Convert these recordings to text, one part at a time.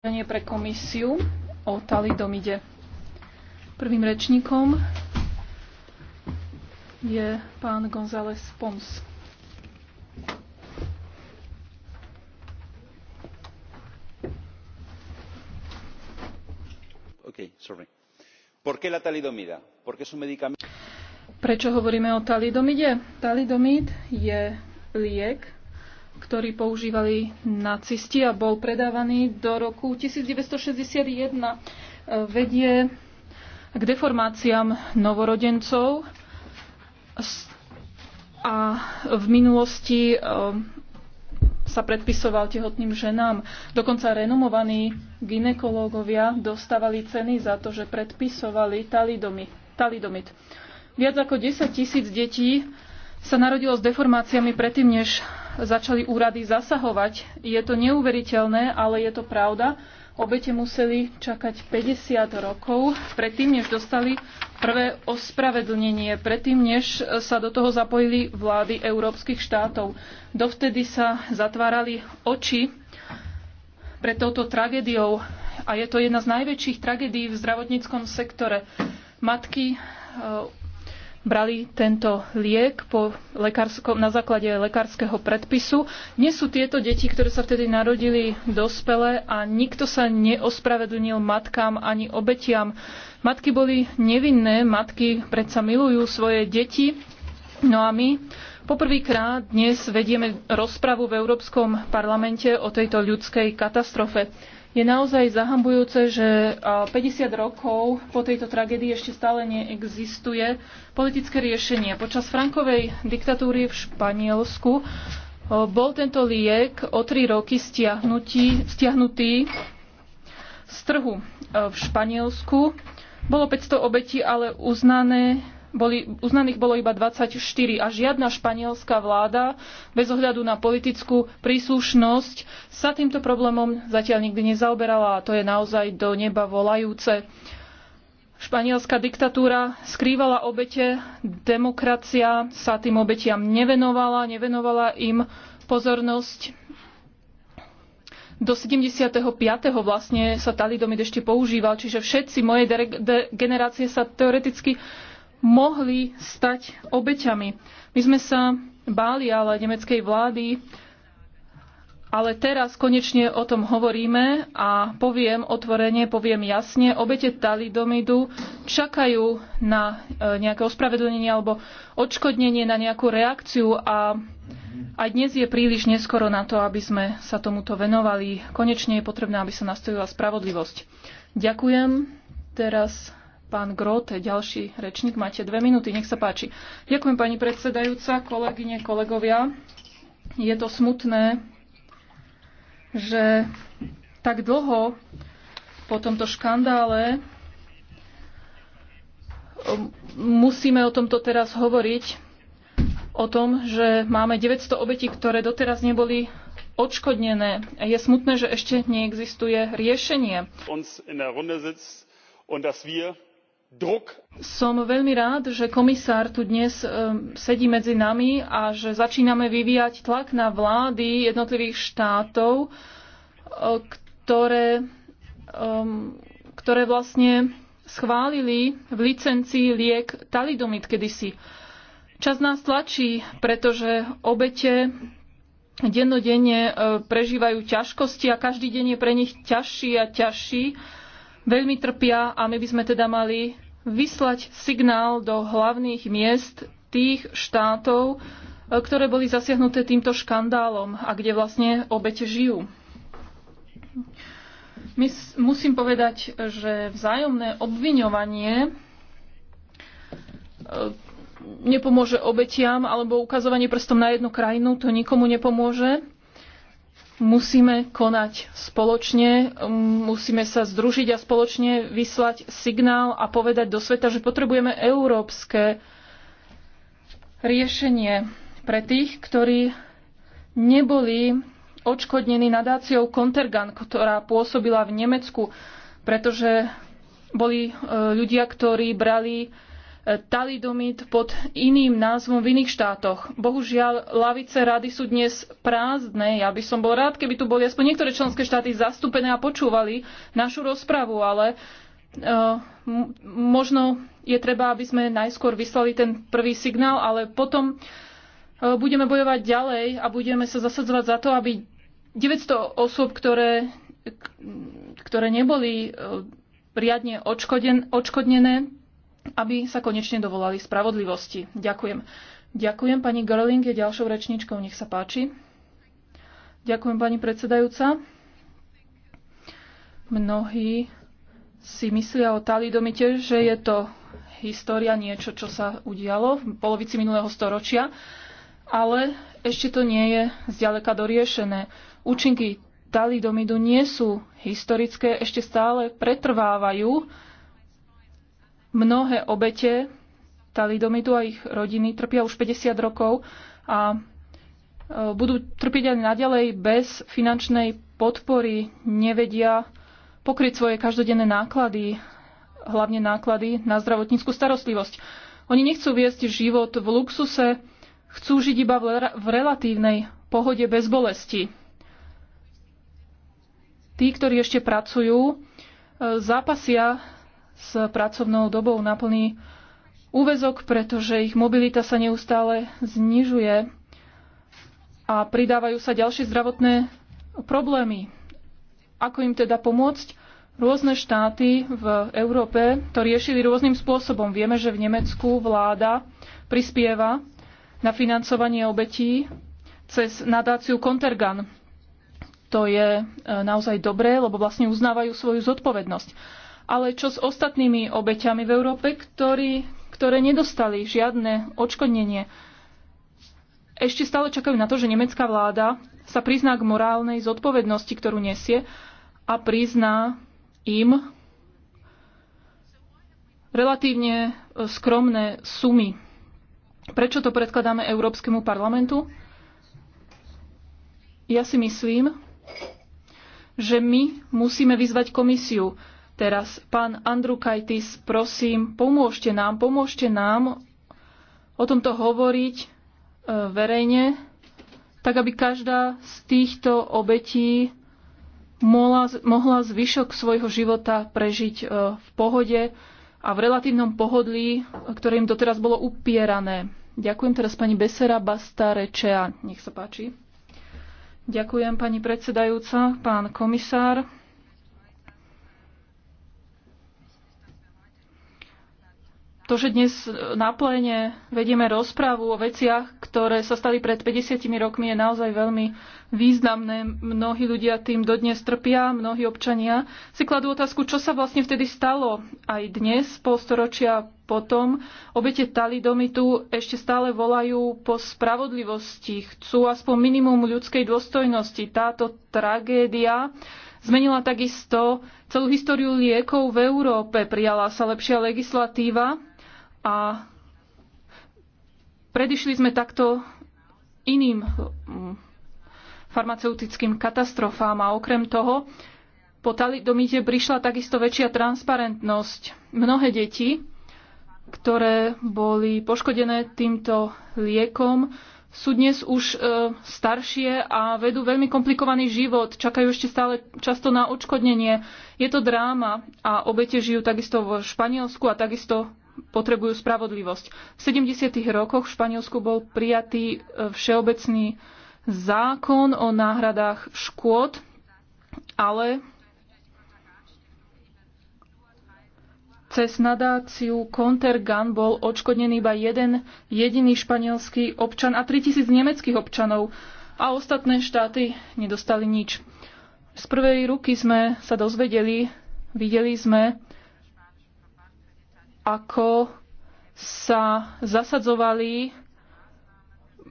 vyjadrenie pre komisiu o talidomide. Prvým rečníkom je pán González Pons. Okay, sorry. ¿Por qué la talidomida? Porque es un medicamento... Prečo hovoríme o talidomide? Talidomid je liek, ktorý používali nacisti a bol predávaný do roku 1961. E, vedie k deformáciám novorodencov a v minulosti e, sa predpisoval tehotným ženám. Dokonca renomovaní ginekológovia dostávali ceny za to, že predpisovali talidomit. Viac ako 10 tisíc detí sa narodilo s deformáciami predtým, než začali úrady zasahovať. Je to neuveriteľné, ale je to pravda. Obete museli čakať 50 rokov predtým, než dostali prvé ospravedlnenie, predtým, než sa do toho zapojili vlády európskych štátov. Dovtedy sa zatvárali oči pred touto tragédiou a je to jedna z najväčších tragédií v zdravotníckom sektore. Matky brali tento liek po lekársko, na základe lekárskeho predpisu. Nie sú tieto deti, ktoré sa vtedy narodili, dospelé a nikto sa neospravedlnil matkám ani obetiam. Matky boli nevinné, matky predsa milujú svoje deti. No a my poprvýkrát dnes vedieme rozpravu v Európskom parlamente o tejto ľudskej katastrofe. Je naozaj zahambujúce, že 50 rokov po tejto tragédii ešte stále neexistuje politické riešenie. Počas Frankovej diktatúry v Španielsku bol tento liek o tri roky stiahnutý, stiahnutý z trhu v Španielsku. Bolo 500 obetí, ale uznané boli, uznaných bolo iba 24 a žiadna španielská vláda bez ohľadu na politickú príslušnosť sa týmto problémom zatiaľ nikdy nezaoberala a to je naozaj do neba volajúce. Španielská diktatúra skrývala obete, demokracia sa tým obetiam nevenovala, nevenovala im pozornosť. Do 75. vlastne sa talidomid ešte používal, čiže všetci mojej generácie sa teoreticky mohli stať obeťami. My sme sa báli ale nemeckej vlády, ale teraz konečne o tom hovoríme a poviem otvorene, poviem jasne, obete talidomidu čakajú na e, nejaké ospravedlnenie alebo odškodnenie, na nejakú reakciu a aj dnes je príliš neskoro na to, aby sme sa tomuto venovali. Konečne je potrebné, aby sa nastavila spravodlivosť. Ďakujem. Teraz Pán Grote, ďalší rečník, máte dve minúty, nech sa páči. Ďakujem pani predsedajúca, kolegyne, kolegovia. Je to smutné, že tak dlho po tomto škandále um, musíme o tomto teraz hovoriť, o tom, že máme 900 obetí, ktoré doteraz neboli odškodnené. Je smutné, že ešte neexistuje riešenie. Uns in der Runde sitzt und dass wir som veľmi rád, že komisár tu dnes e, sedí medzi nami a že začíname vyvíjať tlak na vlády jednotlivých štátov, e, ktoré, e, ktoré vlastne schválili v licencii liek talidomid kedysi. Čas nás tlačí, pretože obete dennodenne prežívajú ťažkosti a každý deň je pre nich ťažší a ťažší veľmi trpia a my by sme teda mali vyslať signál do hlavných miest tých štátov, e, ktoré boli zasiahnuté týmto škandálom a kde vlastne obete žijú. Musím povedať, že vzájomné obviňovanie e, nepomôže obetiam alebo ukazovanie prstom na jednu krajinu, to nikomu nepomôže. Musíme konať spoločne, musíme sa združiť a spoločne vyslať signál a povedať do sveta, že potrebujeme európske riešenie pre tých, ktorí neboli odškodnení nadáciou Kontergan, ktorá pôsobila v Nemecku, pretože boli e, ľudia, ktorí brali talidomid pod iným názvom v iných štátoch. Bohužiaľ, lavice rady sú dnes prázdne. Ja by som bol rád, keby tu boli aspoň niektoré členské štáty zastúpené a počúvali našu rozpravu, ale e, možno je treba, aby sme najskôr vyslali ten prvý signál, ale potom e, budeme bojovať ďalej a budeme sa zasadzovať za to, aby 900 osôb, ktoré, ktoré neboli e, riadne odškodnené, aby sa konečne dovolali spravodlivosti. Ďakujem. Ďakujem. Pani Gerling je ďalšou rečničkou. Nech sa páči. Ďakujem, pani predsedajúca. Mnohí si myslia o talidomite, že je to história, niečo, čo sa udialo v polovici minulého storočia, ale ešte to nie je zďaleka doriešené. Účinky talidomidu nie sú historické, ešte stále pretrvávajú Mnohé obete talidomidu a ich rodiny trpia už 50 rokov a e, budú trpiť aj naďalej bez finančnej podpory, nevedia pokryť svoje každodenné náklady, hlavne náklady na zdravotníckú starostlivosť. Oni nechcú viesť život v luxuse, chcú žiť iba v relatívnej pohode bez bolesti. Tí, ktorí ešte pracujú, e, zápasia s pracovnou dobou na plný úvezok, pretože ich mobilita sa neustále znižuje a pridávajú sa ďalšie zdravotné problémy. Ako im teda pomôcť? Rôzne štáty v Európe to riešili rôznym spôsobom. Vieme, že v Nemecku vláda prispieva na financovanie obetí cez nadáciu Kontergan. To je e, naozaj dobré, lebo vlastne uznávajú svoju zodpovednosť. Ale čo s ostatnými obeťami v Európe, ktorí, ktoré nedostali žiadne odškodnenie? Ešte stále čakajú na to, že nemecká vláda sa prizná k morálnej zodpovednosti, ktorú nesie a prizná im relatívne e, skromné sumy. Prečo to predkladáme Európskemu parlamentu? Ja si myslím, že my musíme vyzvať komisiu, Teraz, pán Andrukajtis, prosím, pomôžte nám, pomôžte nám o tomto hovoriť e, verejne, tak aby každá z týchto obetí mohla, mohla zvyšok svojho života prežiť e, v pohode a v relatívnom pohodlí, ktoré im doteraz bolo upierané. Ďakujem teraz pani Besera Bastarečea. Nech sa páči. Ďakujem pani predsedajúca, pán komisár. To, že dnes na pléne vedieme rozprávu o veciach, ktoré sa stali pred 50 rokmi, je naozaj veľmi významné. Mnohí ľudia tým dodnes trpia, mnohí občania si kladú otázku, čo sa vlastne vtedy stalo. Aj dnes, pol storočia potom, obete talidomitu ešte stále volajú po spravodlivosti, chcú aspoň minimum ľudskej dôstojnosti. Táto tragédia zmenila takisto celú históriu liekov v Európe, prijala sa lepšia legislatíva, a predišli sme takto iným mm, farmaceutickým katastrofám a okrem toho po talidomide prišla takisto väčšia transparentnosť. Mnohé deti, ktoré boli poškodené týmto liekom, sú dnes už e, staršie a vedú veľmi komplikovaný život. Čakajú ešte stále často na odškodnenie. Je to dráma a obete žijú takisto v Španielsku a takisto potrebujú spravodlivosť. V 70. rokoch v Španielsku bol prijatý e, všeobecný zákon o náhradách škôd, ale Cez nadáciu Contergan bol odškodnený iba jeden jediný španielský občan a 3000 nemeckých občanov a ostatné štáty nedostali nič. Z prvej ruky sme sa dozvedeli, videli sme, ako sa zasadzovali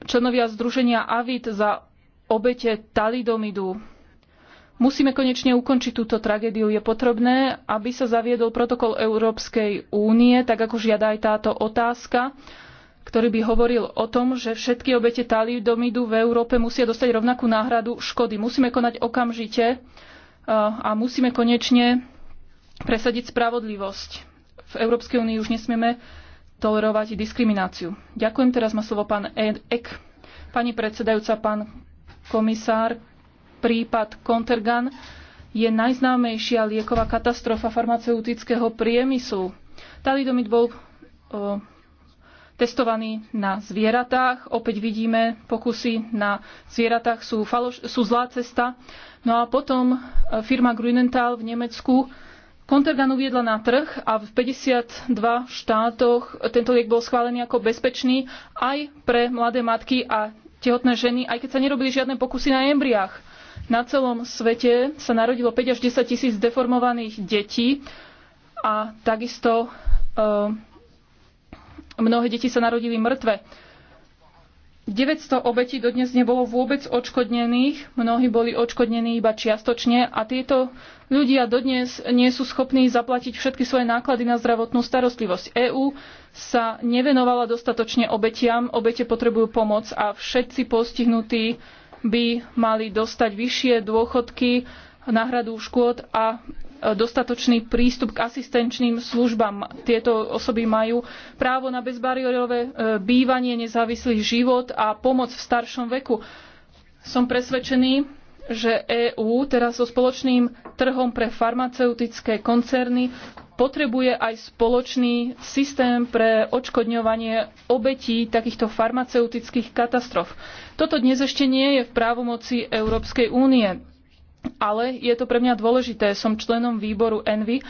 členovia združenia AVID za obete talidomidu. Musíme konečne ukončiť túto tragédiu. Je potrebné, aby sa zaviedol protokol Európskej únie, tak ako žiada aj táto otázka, ktorý by hovoril o tom, že všetky obete talidomidu v Európe musia dostať rovnakú náhradu škody. Musíme konať okamžite eh, a musíme konečne presadiť spravodlivosť v Európskej únii už nesmieme tolerovať diskrimináciu. Ďakujem, teraz má slovo pán Ek. Pani predsedajúca, pán komisár, prípad Contergan je najznámejšia lieková katastrofa farmaceutického priemyslu. Talidomid bol o, testovaný na zvieratách. Opäť vidíme, pokusy na zvieratách sú, faloš- sú zlá cesta. No a potom e, firma Grünenthal v Nemecku Kontergan uviedla na trh a v 52 štátoch tento liek bol schválený ako bezpečný aj pre mladé matky a tehotné ženy, aj keď sa nerobili žiadne pokusy na embriách. Na celom svete sa narodilo 5 až 10 tisíc deformovaných detí a takisto eh, mnohé deti sa narodili mŕtve. 900 obetí dodnes nebolo vôbec odškodnených, mnohí boli odškodnení iba čiastočne a tieto ľudia dodnes nie sú schopní zaplatiť všetky svoje náklady na zdravotnú starostlivosť. EÚ sa nevenovala dostatočne obetiam, obete potrebujú pomoc a všetci postihnutí by mali dostať vyššie dôchodky, náhradu škôd a dostatočný prístup k asistenčným službám. Tieto osoby majú právo na bezbariérové e, bývanie, nezávislý život a pomoc v staršom veku. Som presvedčený, že EÚ teraz so spoločným trhom pre farmaceutické koncerny potrebuje aj spoločný systém pre odškodňovanie obetí takýchto farmaceutických katastrof. Toto dnes ešte nie je v právomoci Európskej únie ale je to pre mňa dôležité. Som členom výboru Envy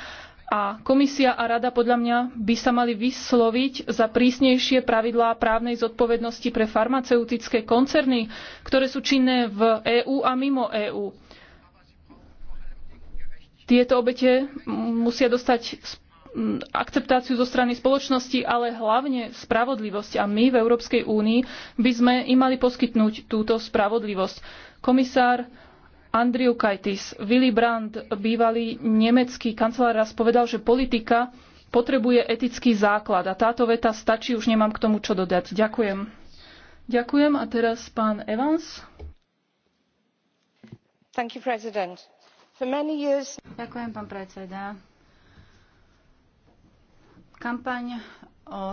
a komisia a rada podľa mňa by sa mali vysloviť za prísnejšie pravidlá právnej zodpovednosti pre farmaceutické koncerny, ktoré sú činné v EÚ a mimo EÚ. Tieto obete musia dostať akceptáciu zo strany spoločnosti, ale hlavne spravodlivosť. A my v Európskej únii by sme im mali poskytnúť túto spravodlivosť. Komisár Andriu Kajtis. Willy Brandt, bývalý nemecký kancelár, raz povedal, že politika potrebuje etický základ. A táto veta stačí, už nemám k tomu čo dodať. Ďakujem. Ďakujem. A teraz pán Evans. Thank you, President. For many years... Ďakujem, pán predseda. Kampaň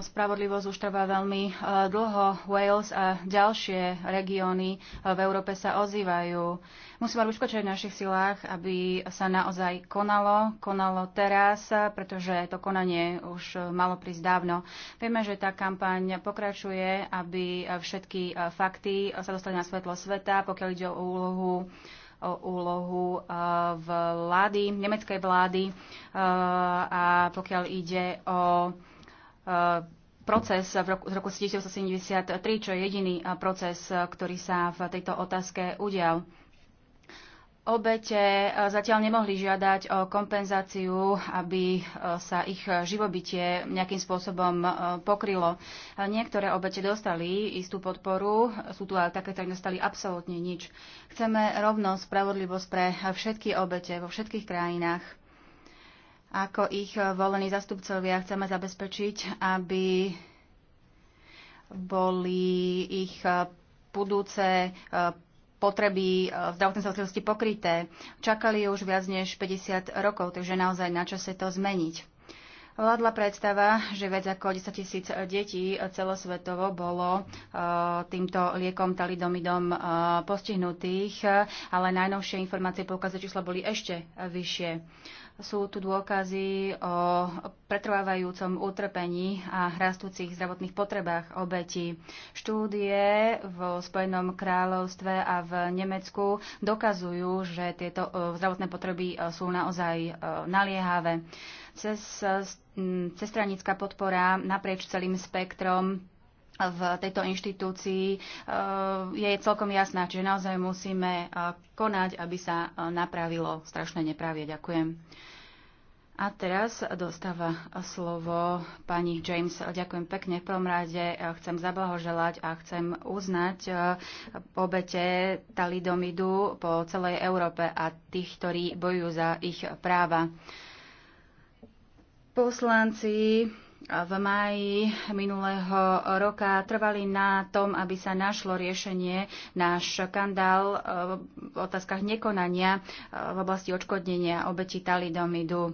spravodlivosť už trvá veľmi e, dlho. Wales a ďalšie regióny e, v Európe sa ozývajú. Musíme robiť v našich silách, aby sa naozaj konalo. Konalo teraz, pretože to konanie už e, malo prísť dávno. Vieme, že tá kampaň pokračuje, aby všetky fakty sa dostali na svetlo sveta, pokiaľ ide o úlohu o úlohu vlády, nemeckej vlády a pokiaľ ide o Eh, proces v roku, z roku 1973, čo je jediný eh, proces, eh, ktorý sa v tejto otázke udial. Obete zatiaľ nemohli žiadať o kompenzáciu, aby sa ich živobytie nejakým spôsobom pokrylo. Niektoré obete dostali istú podporu, sú tu ale také, ktoré dostali absolútne nič. Chceme rovnosť, spravodlivosť pre všetky obete vo všetkých krajinách ako ich eh, volení zastupcovia. Chceme zabezpečiť, aby boli ich eh, budúce eh, potreby v zdravotnej starostlivosti pokryté. Čakali už viac než 50 rokov, takže naozaj na čase to zmeniť. Vládla predstava, že viac ako 10 tisíc detí celosvetovo bolo týmto liekom talidomidom postihnutých, ale najnovšie informácie poukazujú čísla boli ešte vyššie. Sú tu dôkazy o pretrvávajúcom utrpení a rastúcich zdravotných potrebách obetí. Štúdie v Spojenom kráľovstve a v Nemecku dokazujú, že tieto e, zdravotné potreby e, sú naozaj e, naliehavé. Cez, cestranická podpora naprieč celým spektrom v tejto inštitúcii e, je celkom jasná, čiže naozaj musíme e, konať, aby sa e, napravilo strašné nepravie. Ďakujem. A teraz dostáva slovo pani James. Ďakujem pekne. V prvom rade chcem zablahoželať a chcem uznať obete talidomidu po celej Európe a tých, ktorí bojujú za ich práva. Poslanci v máji minulého roka trvali na tom, aby sa našlo riešenie na škandál e, v otázkach nekonania e, v oblasti odškodnenia obeti talidomidu.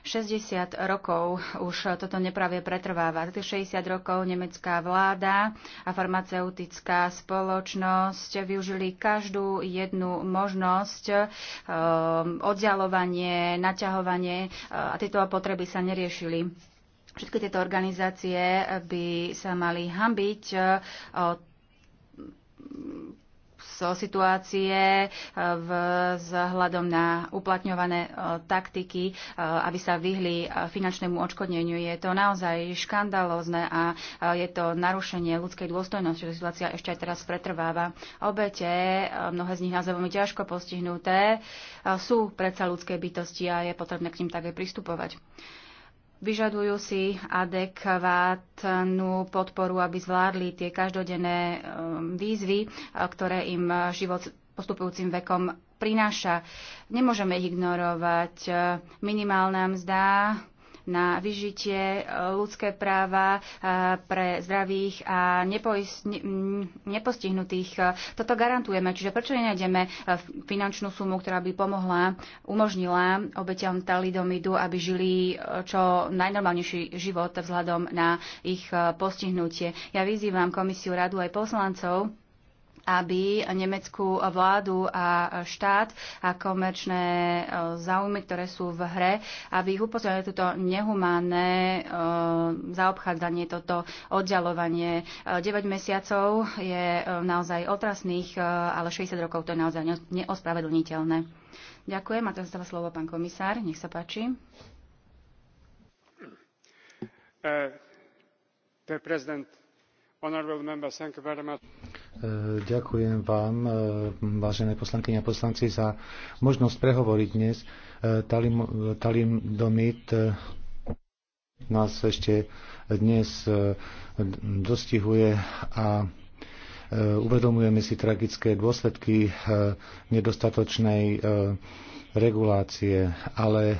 60 rokov už toto nepravie pretrváva. 60 rokov nemecká vláda a farmaceutická spoločnosť využili každú jednu možnosť, e, oddialovanie, naťahovanie a tieto potreby sa neriešili. Všetky tieto organizácie by sa mali hambiť so eh, situácie eh, v, vzhľadom na uplatňované eh, taktiky, aby sa vyhli finančnému odškodneniu. Je to naozaj škandalózne a je to narušenie ľudskej dôstojnosti, že situácia ešte aj teraz pretrváva. Obete, mnohé z nich naozaj veľmi ťažko postihnuté, sú predsa ľudské bytosti a je potrebné k ním také pristupovať. Vyžadujú si adekvátnu podporu, aby zvládli tie každodenné um, výzvy, uh, ktoré im život postupujúcim vekom prináša. Nemôžeme ich ignorovať. Uh, minimálna mzda na vyžitie, e, ľudské práva e, pre zdravých a mm, nepostihnutých. E, toto garantujeme, čiže prečo nenájdeme finančnú sumu, ktorá by pomohla, umožnila obeťam talidomidu, aby žili čo najnormálnejší život vzhľadom na ich postihnutie. Ja vyzývam komisiu, radu aj poslancov, aby nemeckú vládu a štát a komerčné e, záujmy, ktoré sú v hre, aby ich upozorili toto nehumánne e, zaobchádzanie, toto oddialovanie. 9 e, mesiacov je naozaj otrasných, ale 60 rokov to je naozaj neospravedlniteľné. Ďakujem a teraz dáva slovo pán komisár. Nech sa páči. Uh, President, honorable members, thank you very much. E, ďakujem vám, e, vážené poslanky a poslanci, za možnosť prehovoriť dnes. E, talim, talim Domit nás ešte dnes dostihuje a uvedomujeme si tragické dôsledky nedostatočnej regulácie, ale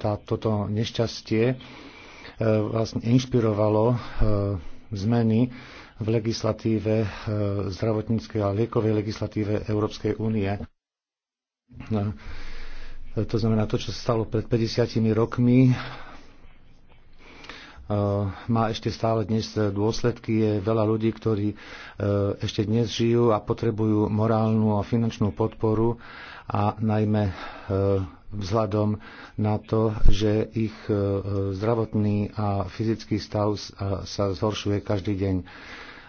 tá, toto nešťastie vlastne inšpirovalo zmeny v legislatíve e, zdravotníckej a liekovej legislatíve Európskej únie. No, e, to znamená, to, čo sa stalo pred 50 rokmi, e, má ešte stále dnes dôsledky. Je veľa ľudí, ktorí ešte dnes žijú a potrebujú morálnu a finančnú podporu a najmä vzhľadom na to, že ich zdravotný a fyzický stav sa zhoršuje každý deň.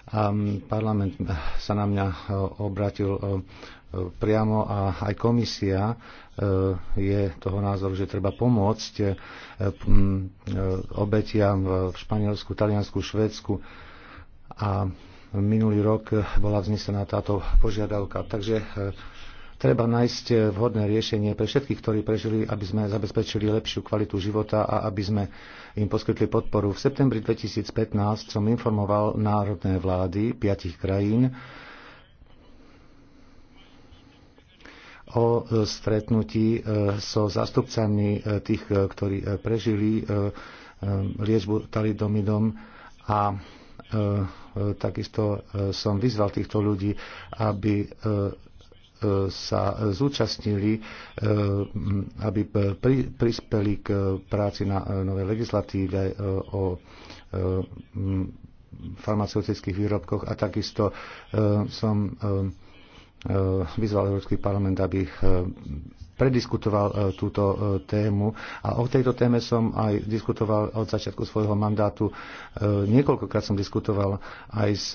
A parlament sa na mňa e, obratil e, priamo a aj komisia e, je toho názoru, že treba pomôcť obetiam v Španielsku, Taliansku, Švedsku a minulý rok bola vznesená táto požiadavka. Takže Treba nájsť eh, vhodné riešenie pre všetkých, ktorí prežili, aby sme zabezpečili lepšiu kvalitu života a aby sme im poskytli podporu. V septembri 2015 som informoval národné vlády piatich krajín o eh, stretnutí eh, so zástupcami tých, ktorí prežili liečbu talidomidom a takisto som vyzval týchto ľudí, aby sa zúčastnili, e, aby prispeli k práci na e, novej legislatíve e, o farmaceutických výrobkoch a takisto som vyzval Európsky parlament, aby prediskutoval e, túto e, tému a o tejto téme som aj diskutoval od začiatku svojho mandátu. E, niekoľkokrát som diskutoval aj s,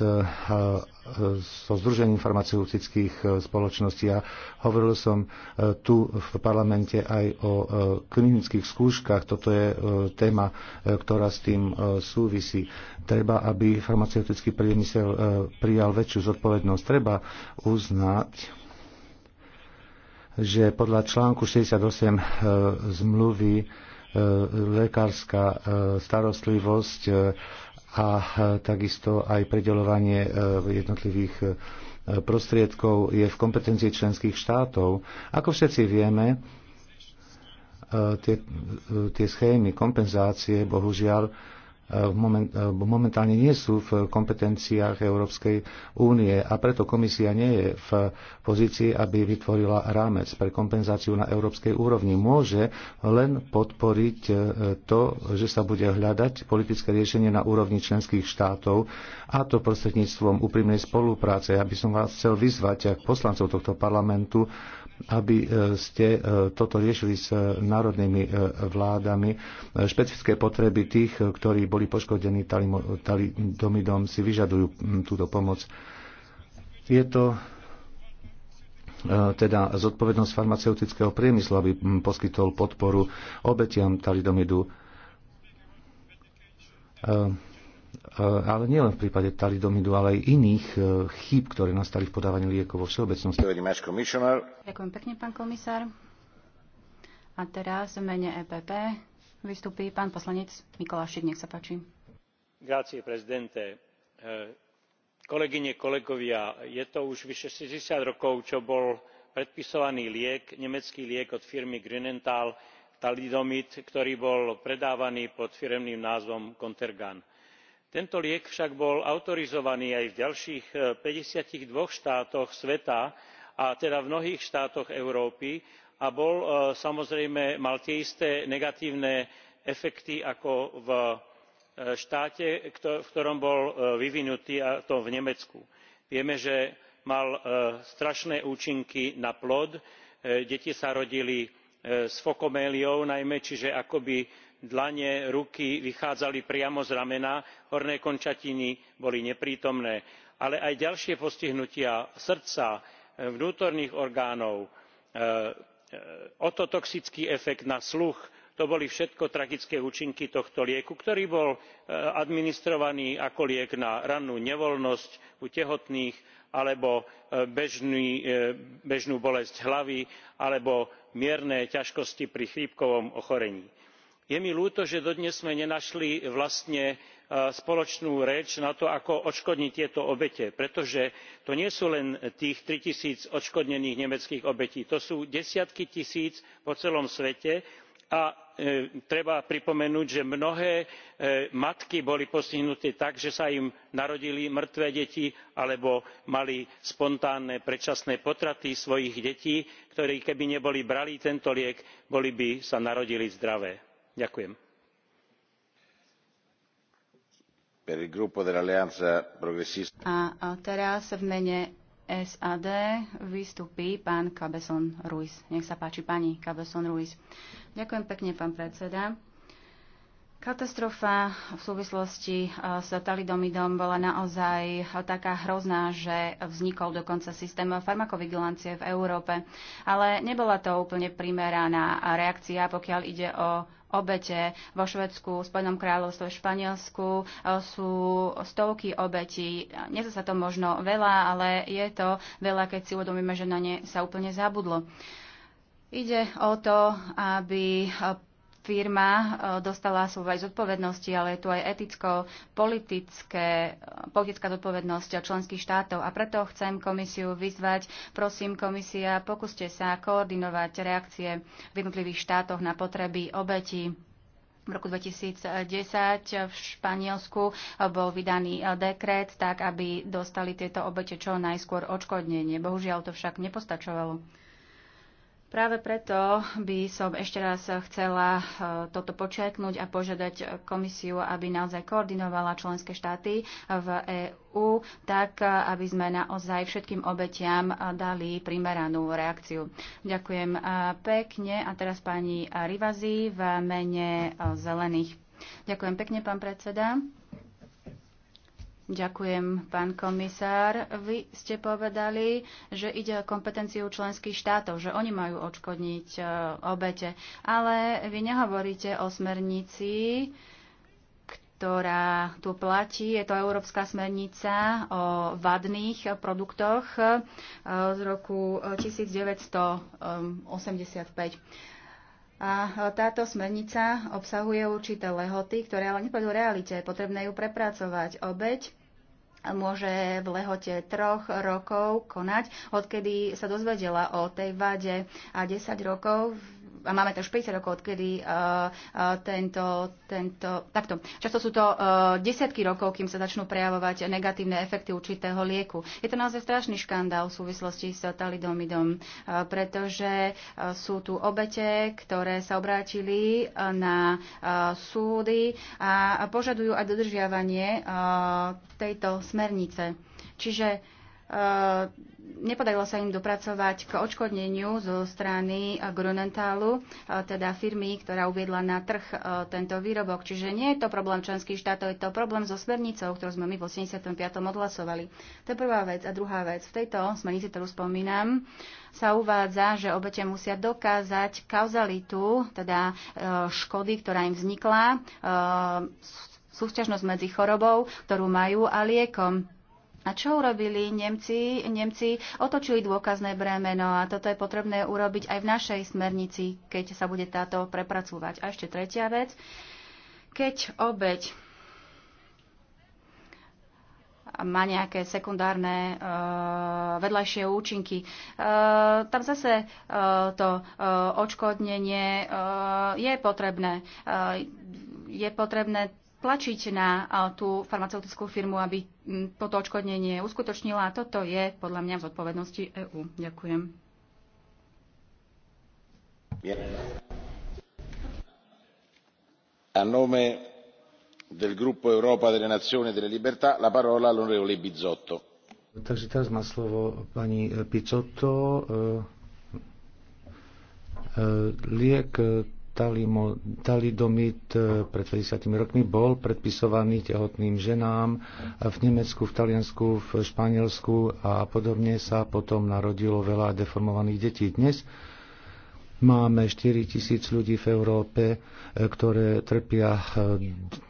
so Združením farmaceutických spoločností a hovoril som tu v parlamente aj o klinických skúškach. Toto je téma, ktorá s tým súvisí. Treba, aby farmaceutický priemysel prijal väčšiu zodpovednosť. Treba uznať, že podľa článku 68 e, zmluvy e, lekárska e, starostlivosť a takisto aj predelovanie jednotlivých prostriedkov je v kompetencii členských štátov. Ako všetci vieme, tie, tie schémy kompenzácie bohužiaľ E, e, momentálne nie sú v kompetenciách Európskej únie a preto komisia nie je v pozícii, aby vytvorila rámec pre kompenzáciu na európskej úrovni. Môže len podporiť e, to, že sa bude hľadať politické riešenie na úrovni členských štátov a to prostredníctvom úprimnej spolupráce. Aby som vás chcel vyzvať, ak poslancov tohto parlamentu, aby ste toto riešili s národnými vládami, špecifické potreby tých, ktorí boli poškodení talidomidom, si vyžadujú mm, túto pomoc. Je to e, teda zodpovednosť farmaceutického priemyslu, aby mm, poskytol podporu obetiam talidomidu. E, e, ale nielen v prípade talidomidu, ale aj iných chýb, ktoré nastali v podávaní liekov vo všeobecnosti. Ďakujem pekne, pán komisár. A teraz v mene EPP vystúpi pán poslanec Mikolášik, nech sa páči. Eh, kolegyne, kolegovia, je to už vyše 60 rokov, čo bol predpisovaný liek, nemecký liek od firmy Grünenthal, thalidomid, ktorý bol predávaný pod firemným názvom Contergan tento liek však bol autorizovaný aj v ďalších fifty eh, two štátoch sveta a teda v mnohých štátoch európy a e, samozrejme mal tie isté negatívne efekty ako v e, štáte v ktorom bol e, vyvinutý a to v nemecku. vieme že mal strašné účinky na plod deti sa rodili s fokoméliou najmä čiže akoby dlane ruky vychádzali priamo z ramena horné končatiny boli neprítomné ale aj ďalšie postihnutia srdca vnútorných orgánov E, ototoxický toxický efekt na sluch to boli všetko tragické účinky tohto lieku ktorý bol e, administrovaný ako liek na rannú nevoľnosť u tehotných alebo e, bežnú bolesť hlavy alebo mierne ťažkosti pri chrípkovom ochorení. je mi ľúto že dodnes sme nenašli vlastne E, spoločnú reč na to ako odškodniť tieto obete pretože to nie sú len tých three tisíc odškodnených nemeckých obetí to sú desiatky tisíc po celom svete a e, treba pripomenúť že mnohé e, matky boli postihnuté tak že sa im narodili mŕtve deti alebo mali spontánne predčasné potraty svojich detí ktoré keby neboli brali tento liek boli by sa narodili zdravé. ďakujem. A teraz v mene SAD vystupí pán Cabeson Ruiz. Nech sa páči pani Cabeson Ruiz. Ďakujem pekne, pán predseda. Katastrofa v súvislosti s talidomidom bola naozaj taká hrozná, že vznikol dokonca systém farmakovigilancie v Európe, ale nebola to úplne primeraná reakcia, pokiaľ ide o obete. Vo Švedsku, Spojenom kráľovstve, Španielsku e, sú stovky obetí. Neza sa to možno veľa, ale je to veľa, keď si uvedomíme, že na ne sa úplne zabudlo. Ide o to, aby firma eh, dostala svoju aj zodpovednosti, ale je tu aj eticko-politická eh, zodpovednosť členských štátov. A preto chcem komisiu vyzvať, prosím komisia, pokúste sa koordinovať reakcie v jednotlivých štátoch na potreby obetí. V roku 2010 v Španielsku bol vydaný eh, dekret tak, aby dostali tieto obete čo najskôr odškodnenie. Bohužiaľ to však nepostačovalo. Práve preto by som ešte raz chcela e, toto počeknúť a požiadať komisiu, aby naozaj koordinovala členské štáty v EÚ, tak e, aby sme naozaj všetkým obetiam e, dali primeranú reakciu. Ďakujem pekne. A teraz pani Rivazi v mene Zelených. Ďakujem pekne, pán predseda. Ďakujem, pán komisár. Vy ste povedali, že ide o kompetenciu členských štátov, že oni majú odškodniť e, obete. Ale vy nehovoríte o smernici, ktorá tu platí. Je to Európska smernica o vadných produktoch e, z roku 1985. E, a e, táto smernica obsahuje určité lehoty, ktoré ale nepôjdu realite. Je potrebné ju prepracovať. Obeď môže v lehote troch rokov konať, odkedy sa dozvedela o tej vade a 10 rokov a máme to už 50 rokov, odkedy uh, tento, tento, takto, často sú to uh, desiatky rokov, kým sa začnú prejavovať negatívne efekty určitého lieku. Je to naozaj strašný škandál v súvislosti s talidomidom, uh, pretože uh, sú tu obete, ktoré sa obrátili uh, na uh, súdy a, a požadujú aj dodržiavanie uh, tejto smernice. Čiže uh, nepodarilo sa im dopracovať k odškodneniu zo strany eh, Grunentalu, eh, teda firmy, ktorá uviedla na trh eh, tento výrobok. Čiže nie je to problém členských štátov, je to problém so smernicou, ktorú sme my v 85. odhlasovali. To je prvá vec. A druhá vec, v tejto smernici, ktorú spomínam, sa uvádza, že obete musia dokázať kauzalitu, teda škody, ktorá im vznikla, súťažnosť medzi chorobou, ktorú majú a liekom. A čo urobili Nemci? Nemci otočili dôkazné bremeno a toto je potrebné urobiť aj v našej smernici, keď sa bude táto prepracúvať. A ešte tretia vec. Keď obeď má nejaké sekundárne e, vedľajšie účinky. E, tam zase e, to e, odškodnenie e, je potrebné. E, je potrebné tlačiť na tú farmaceutickú firmu, aby toto očkodnenie uskutočnila. A toto je podľa mňa v zodpovednosti EÚ. Ďakujem. A nome del gruppo Europa delle Nazioni e delle Libertà la parola all'onorevole Bizzotto. Takže teraz má slovo pani Pizzotto. Eh, eh, eh, Liek, talidomid eh, pred 50 rokmi bol predpisovaný tehotným ženám v Nemecku, v Taliansku, v Španielsku a podobne sa potom narodilo veľa deformovaných detí. Dnes Máme 4 tisíc ľudí v Európe, e, ktoré trpia e,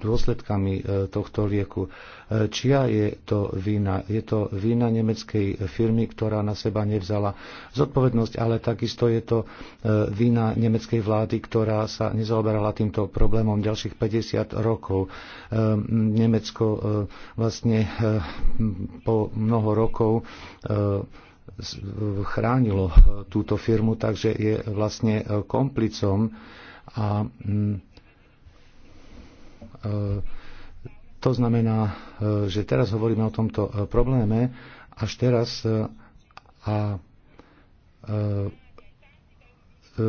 dôsledkami e, tohto lieku. Čia je to vina? Je to vina nemeckej firmy, ktorá na seba nevzala zodpovednosť, ale takisto je to vina nemeckej vlády, ktorá sa nezaoberala týmto problémom ďalších 50 rokov. Nemecko vlastne po mnoho rokov chránilo eh, túto firmu, takže je vlastne eh, komplicom a mm, eh, to znamená, že teraz hovoríme o tomto probléme, až teraz a E,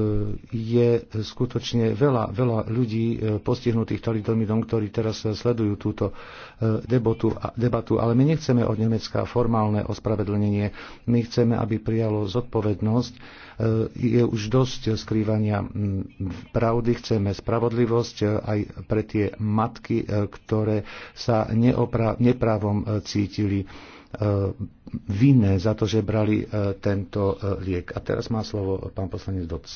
je skutočne veľa, veľa ľudí e, postihnutých talidomidom, ktorí teraz sledujú túto e, debatu, debatu. Ale my nechceme od Nemecka formálne ospravedlnenie. My chceme, aby prijalo zodpovednosť. Je už dosť skrývania pravdy. Chceme spravodlivosť aj pre tie matky, ktoré sa neopra- neprávom cítili E, vinné za to, že brali e, tento e, liek. A teraz má slovo pán poslanec Doc.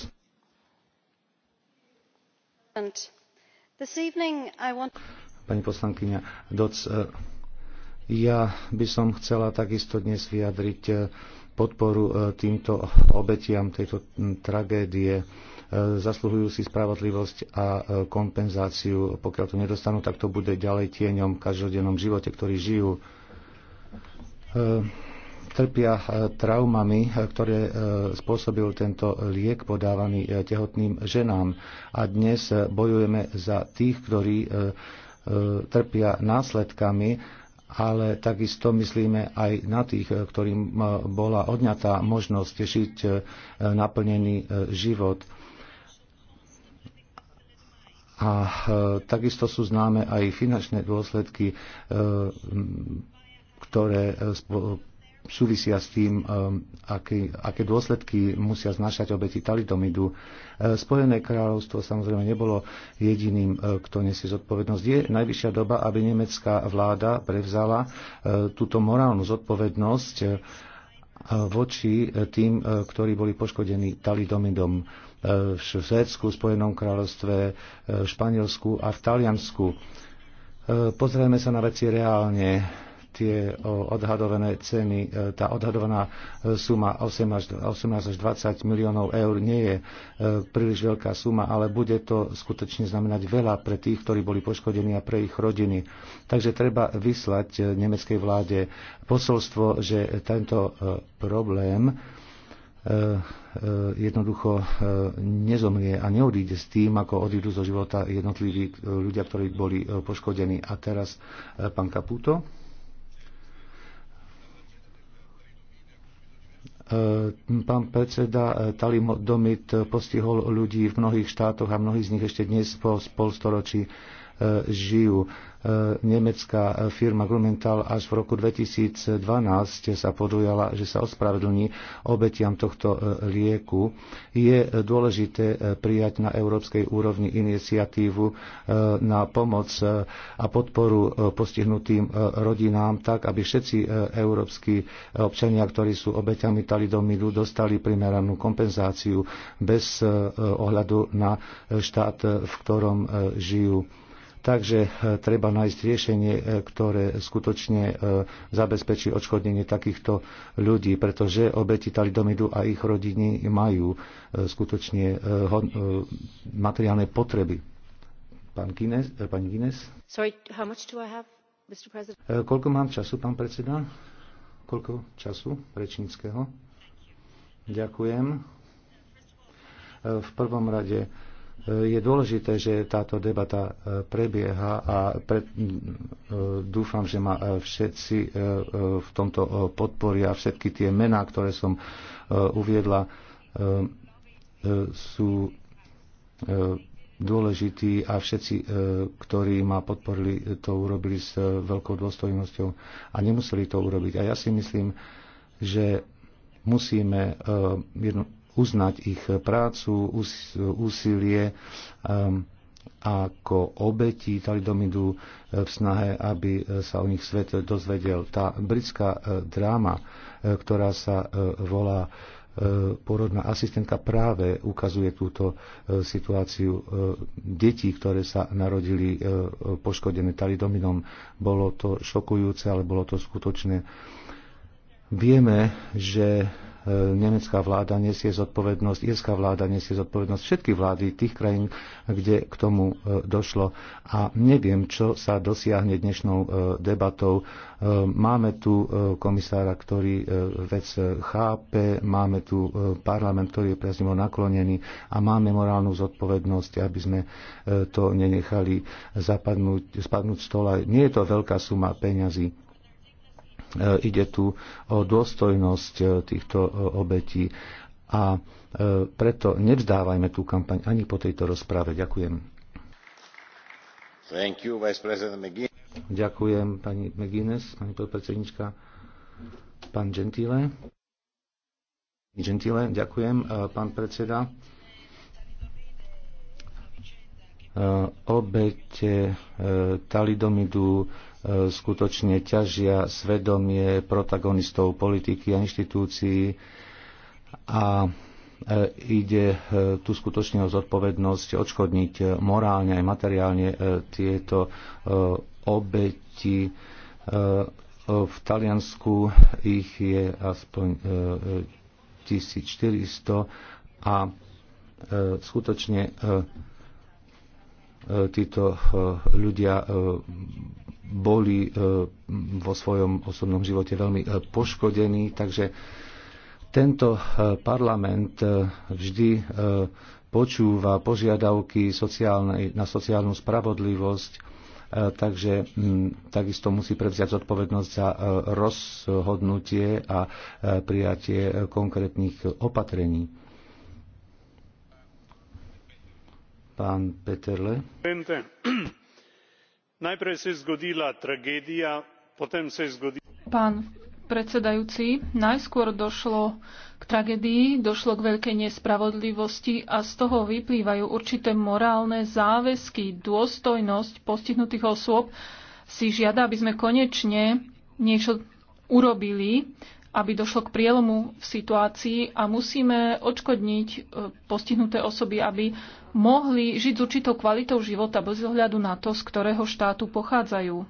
Pani poslankyňa Doc, ja by som chcela takisto dnes vyjadriť podporu týmto obetiam tejto tragédie zasluhujú si spravodlivosť a kompenzáciu. Pokiaľ to nedostanú, tak to bude ďalej tieňom v každodennom živote, ktorý žijú. E, trpia e, traumami, e, ktoré spôsobil tento liek podávaný tehotným ženám. A dnes bojujeme za tých, ktorí trpia následkami, ale takisto myslíme aj na tých, ktorým bola odňatá možnosť žiť naplnený život. A takisto sú známe aj finančné dôsledky ktoré e, súvisia s tým, e, aké, aké dôsledky musia znašať obeti talidomidu. E, Spojené kráľovstvo samozrejme nebolo jediným, kto nesie zodpovednosť. Je najvyššia doba, aby nemecká vláda prevzala túto morálnu zodpovednosť voči tým, ktorí boli poškodení talidomidom v Švédsku, Spojenom kráľovstve, v Španielsku a v Taliansku. Pozrieme sa na veci reálne tie eh, odhadované ceny, eh, tá odhadovaná eh, suma 18 až, 18 až 20 miliónov eur nie je príliš veľká suma, ale bude to skutočne znamenať veľa pre tých, ktorí boli poškodení a pre ich rodiny. Takže treba vyslať nemeckej vláde posolstvo, že tento problém jednoducho nezomrie a neodíde s tým, ako odídu zo života jednotliví ľudia, ktorí boli poškodení. A teraz pán Kaputo. E, pán predseda e, Talidomid e, postihol ľudí v mnohých štátoch a mnohí z nich ešte dnes po polstoročí E, žijú. E, nemecká firma Grumenthal až v roku 2012 sa podujala, že sa ospravedlní obetiam tohto e, lieku. Je dôležité prijať na európskej úrovni iniciatívu na pomoc a podporu postihnutým rodinám tak, aby všetci európsky občania, ktorí sú obeťami talidomidu, dostali primeranú kompenzáciu bez ohľadu na štát, v ktorom žijú. Takže e, treba nájsť riešenie, e, ktoré skutočne e, zabezpečí odškodnenie takýchto ľudí, pretože obeti talidomidu a ich rodiny majú skutočne materiálne potreby. Pán Guinness, pani Guinness? Sorry, how much do I have, Mr. President? Koľko mám času, pán predseda? Koľko času rečníckého? Ďakujem. V prvom rade je dôležité, že táto debata e, prebieha a pre, e, dúfam, že ma e, všetci v tomto podporia. Všetky tie mená, ktoré som uviedla, sú dôležití a všetci, ktorí ma podporili, to urobili s veľkou dôstojnosťou a nemuseli to urobiť. A ja si myslím, že musíme jedno, uznať ich prácu, úsilie um, ako obeti talidomidu eh, v snahe, aby eh, sa o nich svet dozvedel. Tá britská eh, dráma, ktorá sa volá porodná asistentka práve ukazuje túto situáciu detí, ktoré sa narodili poškodené talidominom, Bolo to šokujúce, ale bolo to skutočné. Vieme, že nemecká vláda nesie zodpovednosť, írska vláda nesie zodpovednosť, všetky vlády tých krajín, kde k tomu e, došlo. A neviem, čo sa dosiahne dnešnou e, debatou. E, máme tu komisára, ktorý vec chápe, máme tu parlament, ktorý je priaznivo naklonený a máme morálnu zodpovednosť, aby sme to nenechali zapadnúť, spadnúť stola. Nie je to veľká suma peňazí E, ide tu o dôstojnosť e, týchto e, obetí a preto nevzdávajme tú kampaň ani po tejto rozprave. Ďakujem. You, Ďakujem pani McGuinness, pani podpredsednička. Pán Gentile. Gentile, ďakujem, pán predseda. Obete talidomidu skutočne ťažia svedomie protagonistov politiky a inštitúcií a e, ide e, tu skutočne o zodpovednosť odškodniť morálne aj materiálne e, tieto obeti. V Taliansku ich je aspoň 1400 a skutočne títo ľudia boli e, vo svojom osobnom živote veľmi e, poškodení, takže tento e, parlament vždy počúva požiadavky sociálnej, na sociálnu spravodlivosť, takže takisto musí prevziať zodpovednosť za rozhodnutie a prijatie konkrétnych opatrení. Pán Peterle najprv se je zgodila tragédia potom se je zgodila. pán predsedajúci najskôr došlo k tragédii došlo k veľkej nespravodlivosti a z toho vyplývajú určité morálne záväzky dôstojnosť postihnutých osôb si žiada aby sme konečne niečo urobili aby došlo k prielomu v situácii a musíme odškodniť e, postihnuté osoby, aby mohli žiť s určitou kvalitou života bez ohľadu na to, z ktorého štátu pochádzajú.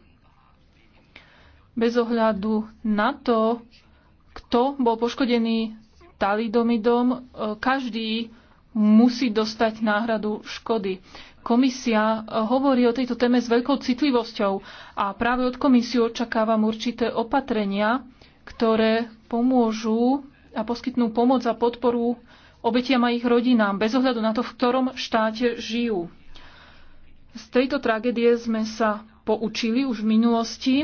Bez ohľadu na to, kto bol poškodený talidomidom, e, každý musí dostať náhradu škody. Komisia e, hovorí o tejto téme s veľkou citlivosťou a práve od komisiu očakávam určité opatrenia, ktoré pomôžu a poskytnú pomoc a podporu obetiam a ich rodinám, bez ohľadu na to, v ktorom štáte žijú. Z tejto tragédie sme sa poučili už v minulosti,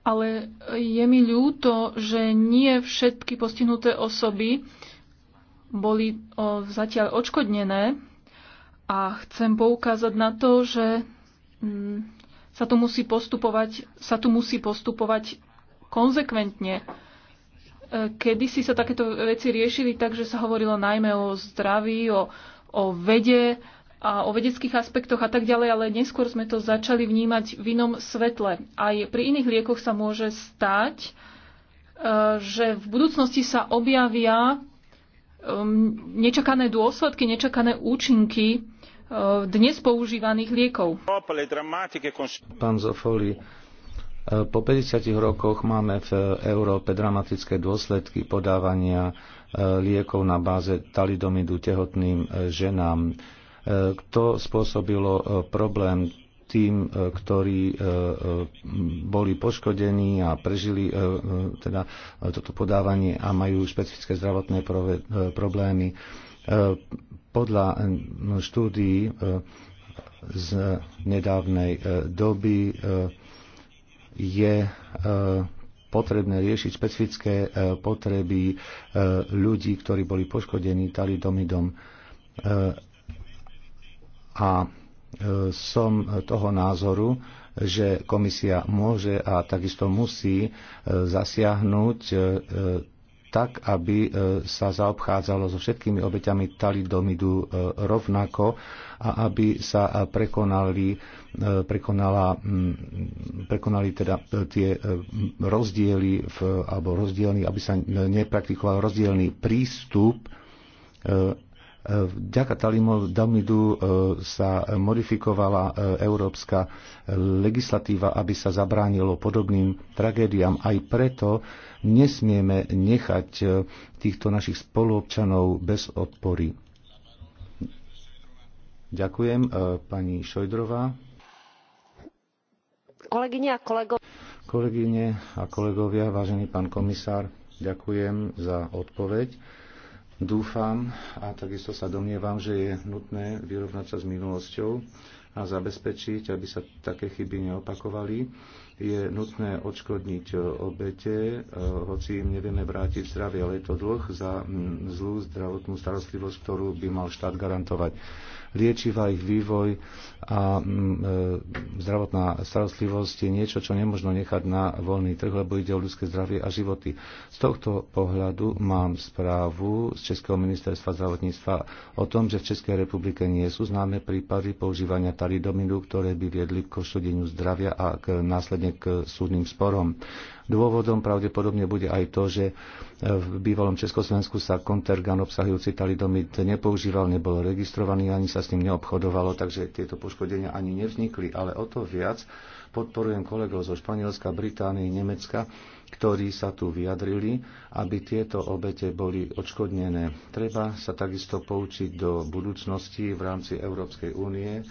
ale je mi ľúto, že nie všetky postihnuté osoby boli zatiaľ odškodnené a chcem poukázať na to, že mm, sa tu musí postupovať, sa tu musí postupovať konzekventne. E, Kedy si sa takéto veci riešili tak, že sa hovorilo najmä o zdraví, o, o vede a o vedeckých aspektoch a tak ďalej, ale neskôr sme to začali vnímať v inom svetle. Aj pri iných liekoch sa môže stať, e, že v budúcnosti sa objavia nečakané dôsledky, nečakané účinky e, dnes používaných liekov. Pán Zofoli, po 50 rokoch máme v Európe dramatické dôsledky podávania e, liekov na báze talidomidu tehotným e, ženám. E, to spôsobilo problém tým, ktorí boli poškodení a prežili teda toto podávanie a majú špecifické zdravotné problémy. Podľa štúdií z nedávnej doby je e, potrebné riešiť špecifické e, potreby e, ľudí, ktorí boli poškodení talidomidom. A som toho názoru, že komisia môže a takisto musí zasiahnuť tak, aby e, sa zaobchádzalo so všetkými obeťami talidomidu e, rovnako a aby sa e, prekonali, prekonala, mm, prekonali teda tie rozdiely v, alebo rozdielny, aby sa nepraktikoval rozdielný prístup Vďaka Damidu e, sa modifikovala e, európska e, legislatíva, aby sa zabránilo podobným tragédiám. Aj preto nesmieme nechať týchto našich spoluobčanov bez odpory. Ďakujem. Pani Šojdrová. Kolegyne a kolego... Kolegyne a kolegovia, vážený pán komisár, ďakujem za odpoveď. Dúfam a takisto sa domnievam, že je nutné vyrovnať sa s minulosťou a zabezpečiť, aby sa také chyby neopakovali. Je nutné odškodniť obete, e, hoci im nevieme vrátiť zdravie, ale je to dlh za zlú zdravotnú starostlivosť, ktorú by mal štát garantovať liečiva, ich vývoj a mm, e, zdravotná starostlivosť je niečo, čo nemôžno nechať na voľný trh, lebo ide o ľudské zdravie a životy. Z tohto pohľadu mám správu z Českého ministerstva zdravotníctva o tom, že v Českej republike nie sú známe prípady používania talidomidu, ktoré by viedli k koštodeniu zdravia a k, následne k súdnym sporom. Dôvodom pravdepodobne bude aj to, že e, v bývalom Československu sa kontergan obsahujúci talidomid nepoužíval, nebol registrovaný, ani sa s ním neobchodovalo, takže tieto poškodenia ani nevznikli. Ale o to viac podporujem kolegov zo Španielska, Británie, Nemecka, ktorí sa tu vyjadrili, aby tieto obete boli odškodnené. Treba sa takisto poučiť do budúcnosti v rámci Európskej únie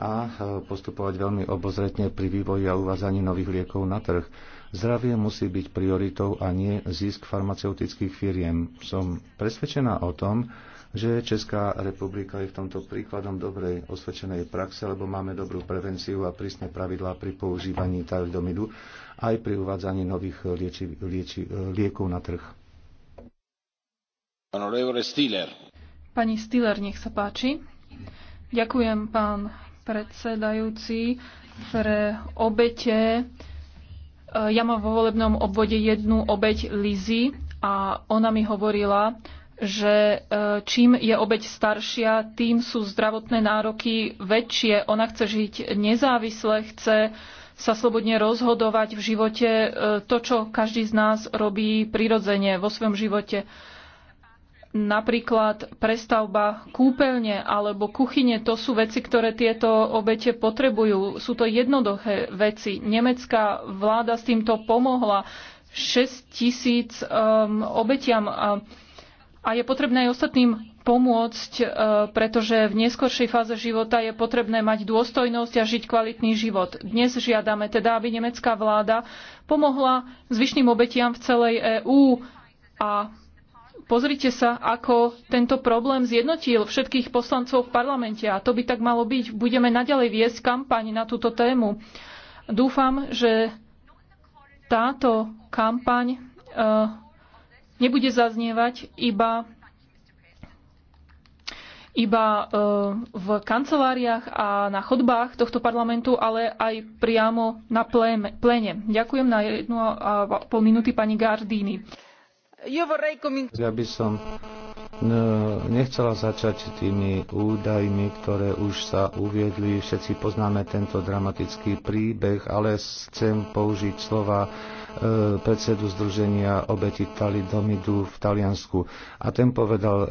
a e, postupovať veľmi obozretne pri vývoji a uvádzaní nových liekov na trh Zdravie musí byť prioritou a nie zisk farmaceutických firiem. Som presvedčená o tom, že Česká republika je v tomto príkladom dobrej osvedčenej praxe, lebo máme dobrú prevenciu a prísne pravidlá pri používaní talidomidu aj pri uvádzaní nových lieči, lieči, liekov na trh. Pani Stiller, nech sa páči. Ďakujem, pán predsedajúci, pre obete E, ja mám vo volebnom obvode jednu obeď Lizy a ona mi hovorila, že e, čím je obeď staršia, tým sú zdravotné nároky väčšie. Ona chce žiť nezávisle, chce sa slobodne rozhodovať v živote e, to, čo každý z nás robí prirodzene vo svojom živote. Napríklad prestavba kúpeľne alebo kuchyne, to sú veci, ktoré tieto obete potrebujú. Sú to jednoduché veci. Nemecká vláda s týmto pomohla 6 tisíc um, obetiam a, a je potrebné aj ostatným pomôcť, uh, pretože v neskoršej fáze života je potrebné mať dôstojnosť a žiť kvalitný život. Dnes žiadame teda, aby nemecká vláda pomohla zvyšným obetiam v celej EÚ a Pozrite sa, ako tento problém zjednotil všetkých poslancov v parlamente a to by tak malo byť. Budeme naďalej viesť kampaň na túto tému. Dúfam, že táto kampaň eh, nebude zaznievať iba iba eh, v kanceláriách a na chodbách tohto parlamentu, ale aj priamo na pléne. Ďakujem na jednu a pol minúty pani Gardini. Ja by som no, nechcela začať tými údajmi, ktoré už sa uviedli. Všetci poznáme tento dramatický príbeh, ale chcem použiť slova e, predsedu Združenia obeti talidomidu v Taliansku. A ten povedal, e, e,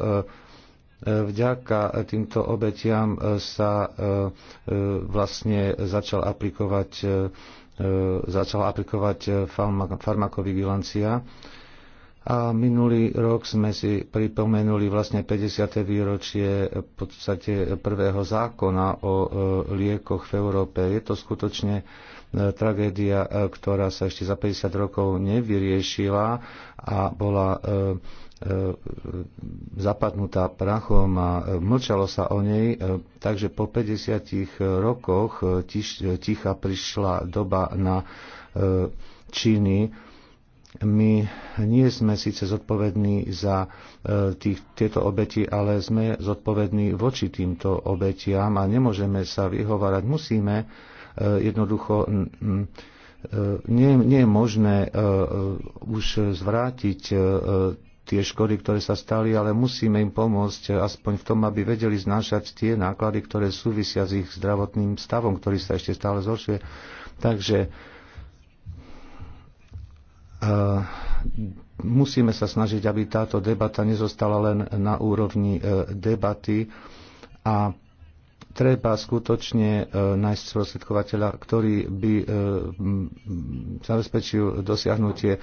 vďaka týmto obetiam sa vlastne začal aplikovať, začala aplikovať farmakovigilancia. A minulý rok sme si pripomenuli vlastne 50. výročie v podstate prvého zákona o e, liekoch v Európe. Je to skutočne e, tragédia, e, ktorá sa ešte za 50 rokov nevyriešila a bola zapadnutá prachom a mlčalo sa o nej. Takže po 50 rokoch ticha prišla doba na činy my nie sme síce zodpovední za e, tých, tieto obeti, ale sme zodpovední voči týmto obetiam a nemôžeme sa vyhovárať. Musíme e, jednoducho e, nie, nie je možné už zvrátiť tie škody, ktoré sa stali, ale musíme im pomôcť aspoň v tom, aby vedeli znášať tie náklady, ktoré súvisia s ich zdravotným stavom, ktorý sa ešte stále zhoršuje. Takže Eh, musíme sa snažiť, aby táto debata nezostala len na úrovni eh, debaty a treba skutočne eh, nájsť sprostredkovateľa, ktorý by zabezpečil dosiahnutie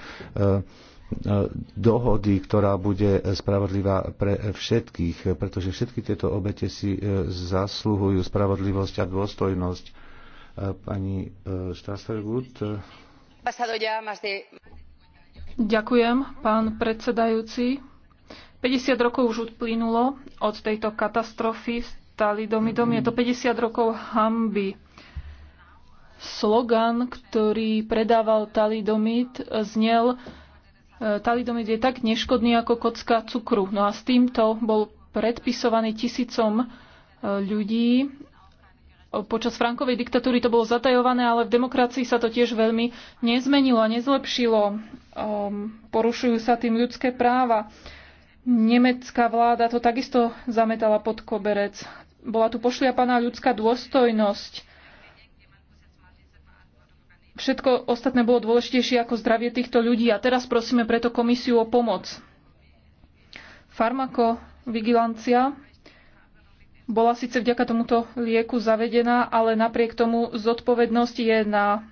dohody, ktorá bude spravodlivá pre všetkých, pretože všetky tieto obete si zasluhujú spravodlivosť a dôstojnosť. Pani Štrasfelgut. Ďakujem, pán predsedajúci. 50 rokov už uplynulo od tejto katastrofy s talidomidom. Je to 50 rokov hamby. Slogan, ktorý predával talidomid, znel e, Talidomid je tak neškodný ako kocka cukru. No a s týmto bol predpisovaný tisícom e, ľudí počas Frankovej diktatúry to bolo zatajované, ale v demokracii sa to tiež veľmi nezmenilo a nezlepšilo. Um, porušujú sa tým ľudské práva. Nemecká vláda to takisto zametala pod koberec. Bola tu pošliapaná ľudská dôstojnosť. Všetko ostatné bolo dôležitejšie ako zdravie týchto ľudí a teraz prosíme preto komisiu o pomoc. Farmakovigilancia bola síce vďaka tomuto lieku zavedená, ale napriek tomu zodpovednosť je na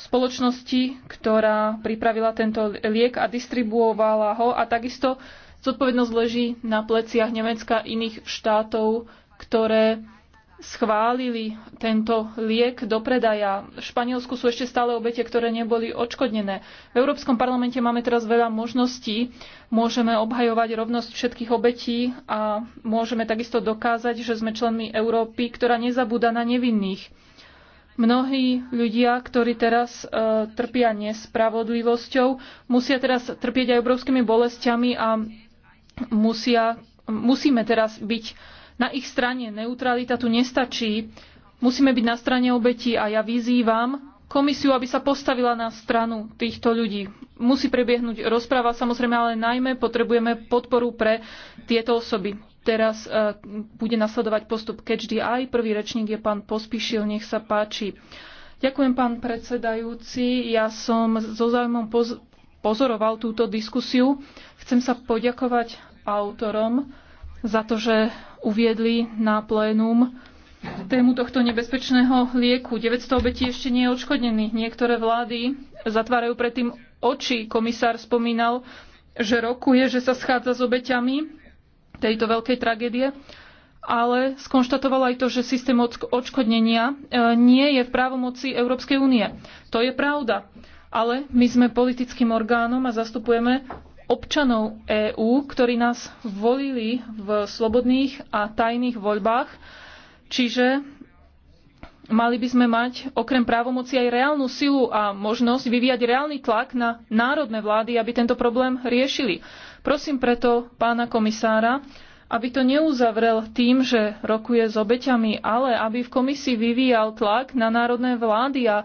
spoločnosti, ktorá pripravila tento liek a distribuovala ho a takisto zodpovednosť leží na pleciach Nemecka a iných štátov, ktoré schválili tento liek do predaja. V Španielsku sú ešte stále obete, ktoré neboli odškodnené. V Európskom parlamente máme teraz veľa možností. Môžeme obhajovať rovnosť všetkých obetí a môžeme takisto dokázať, že sme členmi Európy, ktorá nezabúda na nevinných. Mnohí ľudia, ktorí teraz e, trpia nespravodlivosťou, musia teraz trpieť aj obrovskými bolestiami a musia, musíme teraz byť na ich strane. Neutralita tu nestačí. Musíme byť na strane obetí a ja vyzývam komisiu, aby sa postavila na stranu týchto ľudí. Musí prebiehnúť rozpráva, samozrejme, ale najmä potrebujeme podporu pre tieto osoby. Teraz uh, bude nasledovať postup Catch the Eye. Prvý rečník je pán Pospíšil, nech sa páči. Ďakujem, pán predsedajúci. Ja som so záujmom poz- pozoroval túto diskusiu. Chcem sa poďakovať autorom za to, že uviedli na plénum tému tohto nebezpečného lieku. 900 obetí ešte nie je odškodnených. Niektoré vlády zatvárajú predtým oči. Komisár spomínal, že rokuje, že sa schádza s obeťami tejto veľkej tragédie, ale skonštatoval aj to, že systém odškodnenia e, nie je v právomoci Európskej únie. To je pravda, ale my sme politickým orgánom a zastupujeme občanov EÚ, ktorí nás volili v slobodných a tajných voľbách, čiže mali by sme mať okrem právomoci aj reálnu silu a možnosť vyvíjať reálny tlak na národné vlády, aby tento problém riešili. Prosím preto pána komisára, aby to neuzavrel tým, že rokuje s obeťami, ale aby v komisii vyvíjal tlak na národné vlády a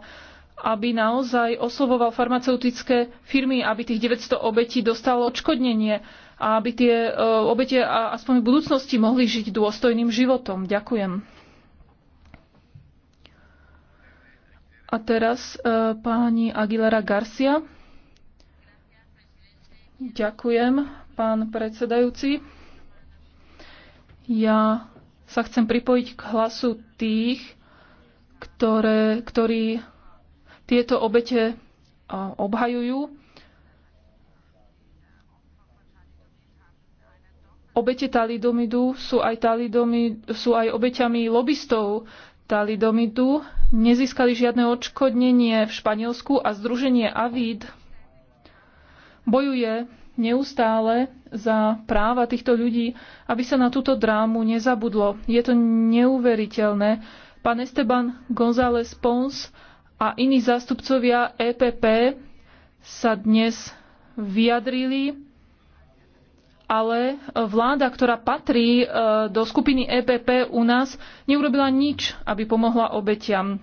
aby naozaj oslovoval farmaceutické firmy, aby tých 900 obetí dostalo odškodnenie a aby tie e, obete aspoň v budúcnosti mohli žiť dôstojným životom. Ďakujem. A teraz e, páni Aguilera Garcia. Ďakujem, pán predsedajúci. Ja sa chcem pripojiť k hlasu tých, ktoré, ktorí tieto obete e, obhajujú. Obete talidomidu sú aj, talidomid, sú aj obeťami lobbystov talidomidu. Nezískali žiadne odškodnenie v Španielsku a združenie Avid bojuje neustále za práva týchto ľudí, aby sa na túto drámu nezabudlo. Je to neuveriteľné. Pán Esteban González Pons a iní zástupcovia EPP sa dnes vyjadrili, ale vláda, ktorá patrí e, do skupiny EPP u nás, neurobila nič, aby pomohla obetiam.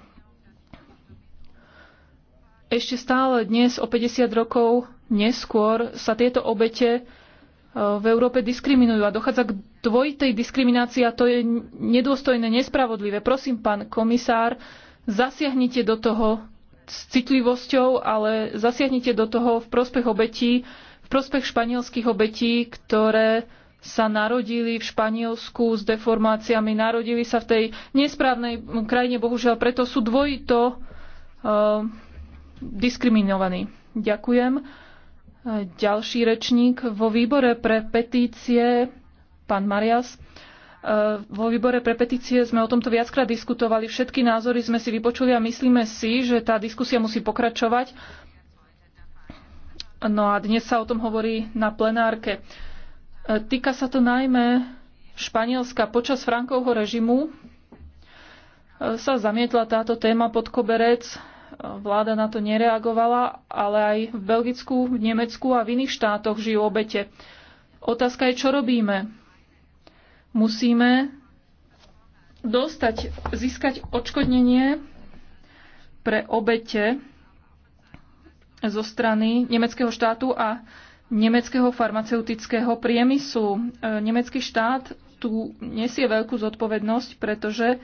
Ešte stále dnes, o 50 rokov neskôr, sa tieto obete e, v Európe diskriminujú a dochádza k dvojitej diskriminácii a to je nedôstojné, nespravodlivé. Prosím, pán komisár, zasiahnite do toho s citlivosťou, ale zasiahnite do toho v prospech obetí, v prospech španielských obetí, ktoré sa narodili v Španielsku s deformáciami, narodili sa v tej nesprávnej krajine, bohužiaľ, preto sú dvojito uh, diskriminovaní. Ďakujem. Eh, ďalší rečník vo výbore pre petície, pán Marias. E, vo výbore pre petície sme o tomto viackrát diskutovali, všetky názory sme si vypočuli a myslíme si, že tá diskusia musí pokračovať. No a dnes sa o tom hovorí na plenárke. E, týka sa to najmä Španielska. Počas Frankovho režimu e, sa zamietla táto téma pod koberec. Vláda na to nereagovala, ale aj v Belgicku, v Nemecku a v iných štátoch žijú obete. Otázka je, čo robíme. Musíme dostať, získať odškodnenie pre obete zo strany nemeckého štátu a nemeckého farmaceutického priemyslu. E, nemecký štát tu nesie veľkú zodpovednosť, pretože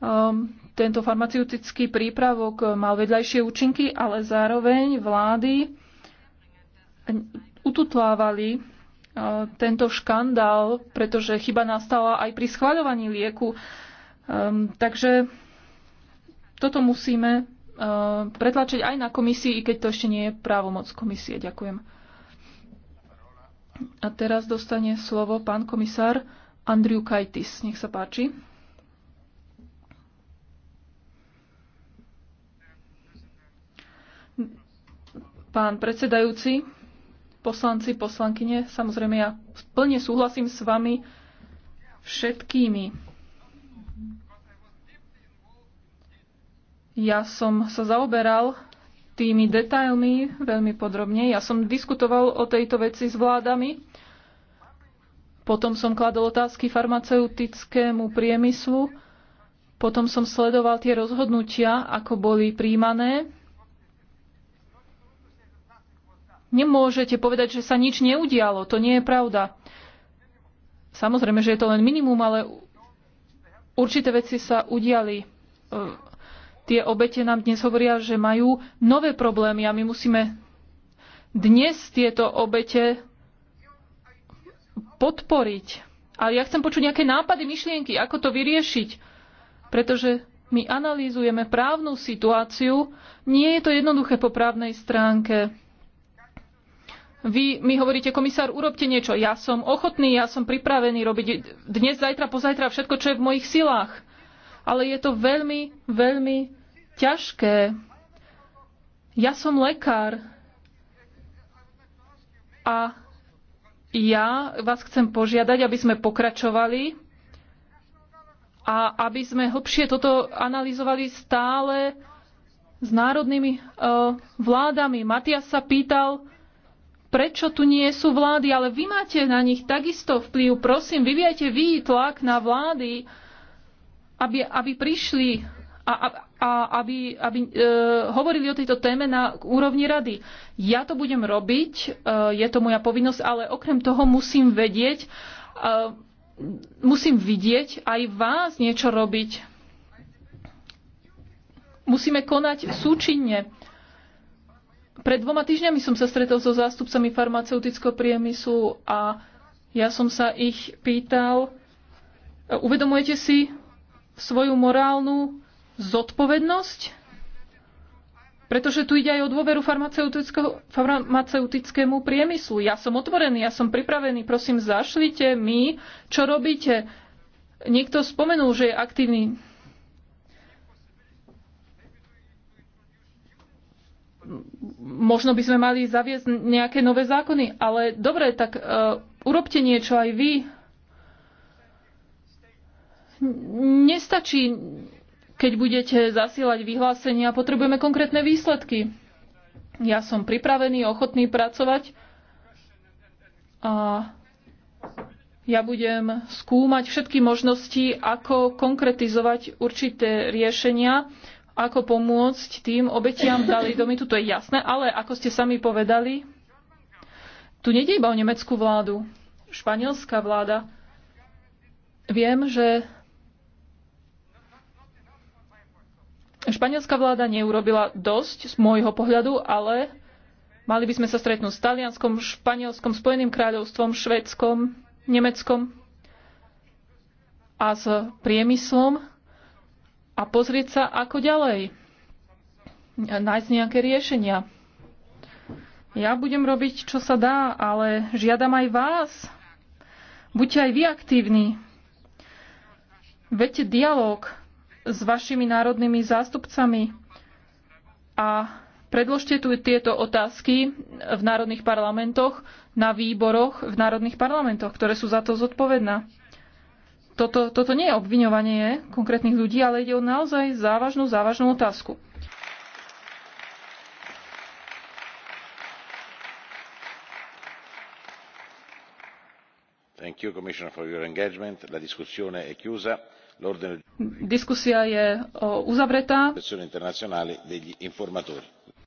um, tento farmaceutický prípravok mal vedľajšie účinky, ale zároveň vlády ututlávali E, tento škandál, pretože chyba nastala aj pri schváľovaní lieku. E, takže toto musíme e, pretlačiť aj na komisii, i keď to ešte nie je právomoc komisie. Ďakujem. A teraz dostane slovo pán komisár Andriu Kajtis. Nech sa páči. Pán predsedajúci, poslanci, poslankyne, samozrejme ja plne súhlasím s vami všetkými. Ja som sa zaoberal tými detailmi veľmi podrobne. Ja som diskutoval o tejto veci s vládami. Potom som kladol otázky farmaceutickému priemyslu. Potom som sledoval tie rozhodnutia, ako boli príjmané Nemôžete povedať, že sa nič neudialo. To nie je pravda. Samozrejme, že je to len minimum, ale určité veci sa udiali. E, tie obete nám dnes hovoria, že majú nové problémy a my musíme dnes tieto obete podporiť. Ale ja chcem počuť nejaké nápady, myšlienky, ako to vyriešiť. Pretože my analýzujeme právnu situáciu, nie je to jednoduché po právnej stránke. Vy mi hovoríte, komisár, urobte niečo. Ja som ochotný, ja som pripravený robiť dnes, zajtra, pozajtra všetko, čo je v mojich silách. Ale je to veľmi, veľmi ťažké. Ja som lekár a ja vás chcem požiadať, aby sme pokračovali a aby sme hlbšie toto analyzovali stále s národnými uh, vládami. Matias sa pýtal, prečo tu nie sú vlády, ale vy máte na nich takisto vplyv. Prosím, vyvíjajte vy tlak na vlády, aby, aby prišli a, a aby, aby e, hovorili o tejto téme na úrovni rady. Ja to budem robiť, e, je to moja povinnosť, ale okrem toho musím vedieť, e, musím vidieť aj vás niečo robiť. Musíme konať súčinne. E, pred dvoma týždňami som sa stretol so zástupcami farmaceutického priemyslu a ja som sa ich pýtal, uvedomujete si svoju morálnu zodpovednosť? Pretože tu ide aj o dôveru farmaceutickému priemyslu. Ja som otvorený, ja som pripravený, prosím, zašlite mi, čo robíte. Niekto spomenul, že je aktívny možno by sme mali zaviesť nejaké nové zákony, ale dobre, tak uh, urobte niečo aj vy. Nestačí, keď budete zasielať vyhlásenia, potrebujeme konkrétne výsledky. Ja som pripravený, ochotný pracovať a ja budem skúmať všetky možnosti, ako konkretizovať určité riešenia ako pomôcť tým obetiam Dalidomitu, to je jasné, ale ako ste sami povedali, tu nejde iba o nemeckú vládu, španielská vláda. Viem, že španielská vláda neurobila dosť z môjho pohľadu, ale mali by sme sa stretnúť s Talianskom, Španielskom, Spojeným kráľovstvom, Švedskom, Nemeckom a s priemyslom, a pozrieť sa, ako ďalej. Nájsť nejaké riešenia. Ja budem robiť, čo sa dá, ale žiadam aj vás. Buďte aj vy aktívni. Vete dialog s vašimi národnými zástupcami a predložte tu tieto otázky v národných parlamentoch, na výboroch v národných parlamentoch, ktoré sú za to zodpovedná. Toto, toto nie je obviňovanie konkrétnych ľudí, ale ide o naozaj závažnú, závažnú otázku. You, diskusia je uzavretá.